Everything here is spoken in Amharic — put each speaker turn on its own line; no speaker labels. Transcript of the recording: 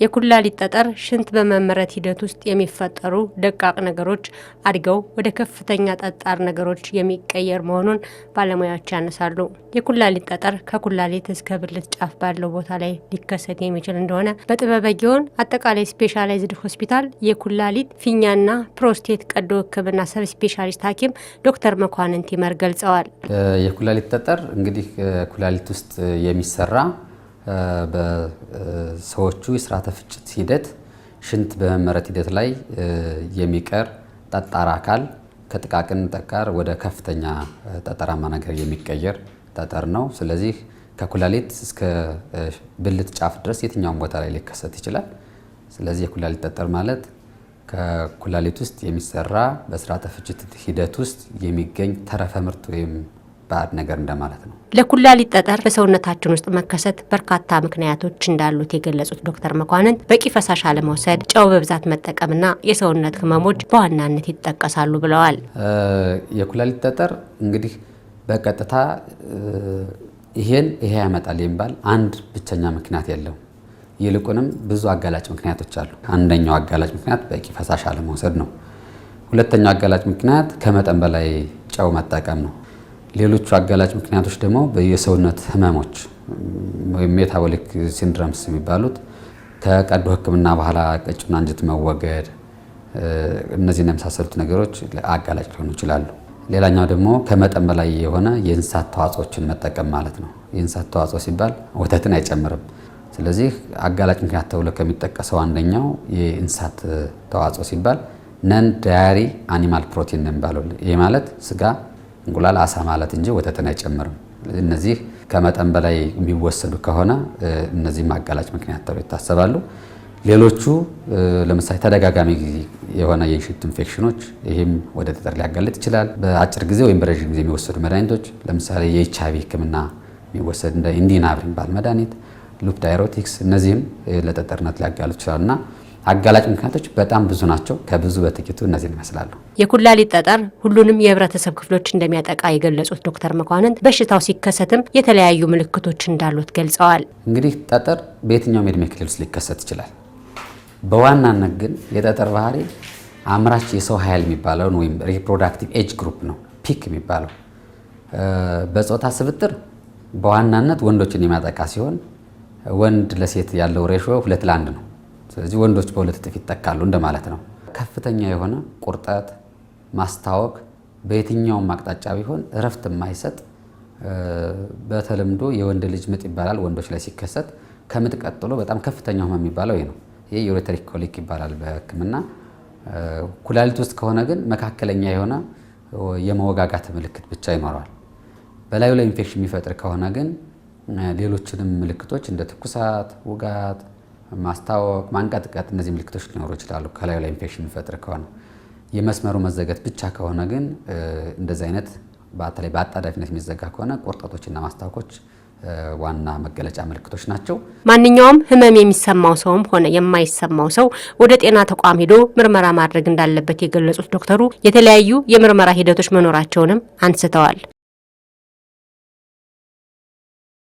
የኩላሊት ጠጠር ሽንት በመመረት ሂደት ውስጥ የሚፈጠሩ ደቃቅ ነገሮች አድገው ወደ ከፍተኛ ጠጣር ነገሮች የሚቀየር መሆኑን ባለሙያዎች ያነሳሉ። የኩላሊት ጠጠር ከኩላሊት እስከ ብልት ጫፍ ባለው ቦታ ላይ ሊከሰት የሚችል እንደሆነ በጥበበ አጠቃላይ ስፔሻላይዝድ ሆስፒታል የኩላሊት ፊኛና ፕሮስቴት ቀዶ ሕክምና ሰብ ስፔሻሊስት ሐኪም ዶክተር መኳንን ቲመር ገልጸዋል።
የኩላሊት ጠጠር እንግዲህ ኩላሊት ውስጥ የሚሰራ በሰዎቹ የስርዓተ ፍጭት ሂደት ሽንት በመመረት ሂደት ላይ የሚቀር ጠጣር አካል ከጥቃቅን ጠቃር ወደ ከፍተኛ ጠጠራማ ነገር የሚቀየር ጠጠር ነው። ስለዚህ ከኩላሊት እስከ ብልት ጫፍ ድረስ የትኛውን ቦታ ላይ ሊከሰት ይችላል። ስለዚህ የኩላሊት ጠጠር ማለት ከኩላሊት ውስጥ የሚሰራ በስርዓተ ፍጭት ሂደት ውስጥ የሚገኝ ተረፈ ምርት ወይም ባዕድ ነገር እንደማለት ነው።
ለኩላሊት ጠጠር በሰውነታችን ውስጥ መከሰት በርካታ ምክንያቶች እንዳሉት የገለጹት ዶክተር መኳንንት በቂ ፈሳሽ አለመውሰድ፣ ጨው በብዛት መጠቀምና የሰውነት ህመሞች በዋናነት ይጠቀሳሉ ብለዋል።
የኩላሊት ጠጠር እንግዲህ በቀጥታ ይሄን ይሄ ያመጣል የሚባል አንድ ብቸኛ ምክንያት የለው። ይልቁንም ብዙ አጋላጭ ምክንያቶች አሉ። አንደኛው አጋላጭ ምክንያት በቂ ፈሳሽ አለመውሰድ ነው። ሁለተኛው አጋላጭ ምክንያት ከመጠን በላይ ጨው መጠቀም ነው። ሌሎቹ አጋላጭ ምክንያቶች ደግሞ የሰውነት ህመሞች ወይም ሜታቦሊክ ሲንድረምስ የሚባሉት ከቀዶ ህክምና በኋላ ቀጭና አንጀት መወገድ፣ እነዚህን የመሳሰሉት ነገሮች አጋላጭ ሊሆኑ ይችላሉ። ሌላኛው ደግሞ ከመጠን በላይ የሆነ የእንስሳት ተዋጽኦችን መጠቀም ማለት ነው። የእንስሳት ተዋጽኦ ሲባል ወተትን አይጨምርም። ስለዚህ አጋላጭ ምክንያት ተብሎ ከሚጠቀሰው አንደኛው የእንስሳት ተዋጽኦ ሲባል ነን ዳያሪ አኒማል ፕሮቲን የሚባለው ይህ ማለት ስጋ እንቁላል፣ አሳ ማለት እንጂ ወተትን አይጨምርም። እነዚህ ከመጠን በላይ የሚወሰዱ ከሆነ እነዚህ ማጋላጭ ምክንያት ተብሎ ይታሰባሉ። ሌሎቹ ለምሳሌ ተደጋጋሚ ጊዜ የሆነ የሽንት ኢንፌክሽኖች፣ ይህም ወደ ጠጠር ሊያጋልጥ ይችላል። በአጭር ጊዜ ወይም በረዥም ጊዜ የሚወሰዱ መድኃኒቶች ለምሳሌ የኤች አይቪ ሕክምና የሚወሰድ እንደ ባል የሚባል መድኃኒት፣ ሉፕ ዳይሮቲክስ፣ እነዚህም ለጠጠርነት ይችላል ይችላሉና አጋላጭ ምክንያቶች በጣም ብዙ ናቸው። ከብዙ በጥቂቱ እነዚህን ይመስላሉ።
የኩላሊት ጠጠር ሁሉንም የህብረተሰብ ክፍሎች እንደሚያጠቃ የገለጹት ዶክተር መኳንንት በሽታው ሲከሰትም የተለያዩ ምልክቶች እንዳሉት ገልጸዋል።
እንግዲህ ጠጠር በየትኛውም የእድሜ ክልል ውስጥ ሊከሰት ይችላል። በዋናነት ግን የጠጠር ባህሪ አምራች የሰው ኃይል የሚባለውን ወይም ሪፕሮዳክቲቭ ኤጅ ግሩፕ ነው ፒክ የሚባለው። በፆታ ስብጥር በዋናነት ወንዶችን የሚያጠቃ ሲሆን ወንድ ለሴት ያለው ሬሾ ሁለት ለአንድ ነው። ስለዚህ ወንዶች በሁለት እጥፍ ይጠቃሉ እንደማለት ነው። ከፍተኛ የሆነ ቁርጠት፣ ማስታወክ በየትኛውም አቅጣጫ ቢሆን እረፍት የማይሰጥ በተለምዶ የወንድ ልጅ ምጥ ይባላል። ወንዶች ላይ ሲከሰት ከምጥ ቀጥሎ በጣም ከፍተኛ ህመም የሚባለው ይህ ነው። ይህ ዩሬተሪክ ኮሊክ ይባላል በህክምና። ኩላሊት ውስጥ ከሆነ ግን መካከለኛ የሆነ የመወጋጋት ምልክት ብቻ ይኖረዋል። በላዩ ላይ ኢንፌክሽን የሚፈጥር ከሆነ ግን ሌሎችንም ምልክቶች እንደ ትኩሳት፣ ውጋት ማስታወቅ ማንቀጥቀጥ እነዚህ ምልክቶች ሊኖሩ ይችላሉ። ከላዩ ላይ ኢንፌክሽን የሚፈጥር ከሆነ የመስመሩ መዘገት ብቻ ከሆነ ግን እንደዚህ አይነት በተለይ በአጣዳፊነት የሚዘጋ ከሆነ ቁርጠቶችና ማስታወኮች ዋና መገለጫ ምልክቶች ናቸው።
ማንኛውም ህመም የሚሰማው ሰውም ሆነ የማይሰማው ሰው ወደ ጤና ተቋም ሄዶ ምርመራ ማድረግ እንዳለበት የገለጹት ዶክተሩ የተለያዩ የምርመራ ሂደቶች መኖራቸውንም አንስተዋል።